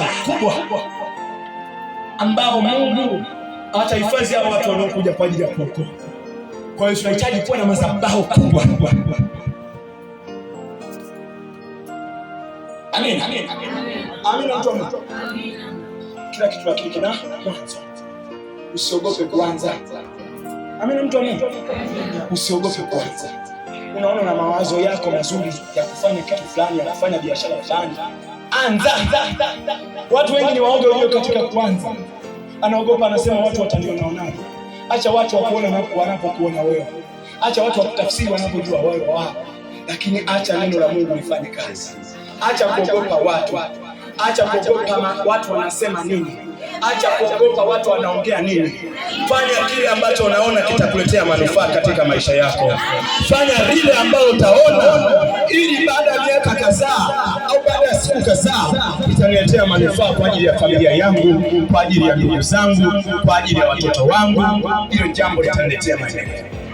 wakubwa ambao Mungu atahifadhi hao watu wanaokuja kwa ajili ya kuokoa. Kwa hiyo tunahitaji kuwa na madhabahu kubwa. Amina, amina, amina, mtu wa Mungu. Kila kitu lakini kina mwanzo. Usiogope kwanza. Amina, mtu wa Mungu. Usiogope kwanza. Unaona na mawazo yako mazuri ya kufanya kitu fulani, ya kufanya biashara fulani anza. Watu wengi ni waoga walio katika kwanza anaogopa anasema, watu watanionaonaje? Acha watu wakuona wanapokuona wewe, acha watu wakutafsiri wanapojua wewe wao, lakini acha neno la Mungu lifanye kazi. Acha kuogopa watu, acha kuogopa watu wanasema nini, acha kuogopa watu wanaongea nini. Fanya kile ambacho unaona kitakuletea manufaa katika maisha yako. Fanya lile ambalo utaona, ili baada ya miaka kadhaa siku kadhaa itaniletea manufaa kwa ajili ya familia yangu, kwa ajili ya ndugu zangu, kwa ajili ya watoto wangu. Hilo jambo litaniletea maendeleo.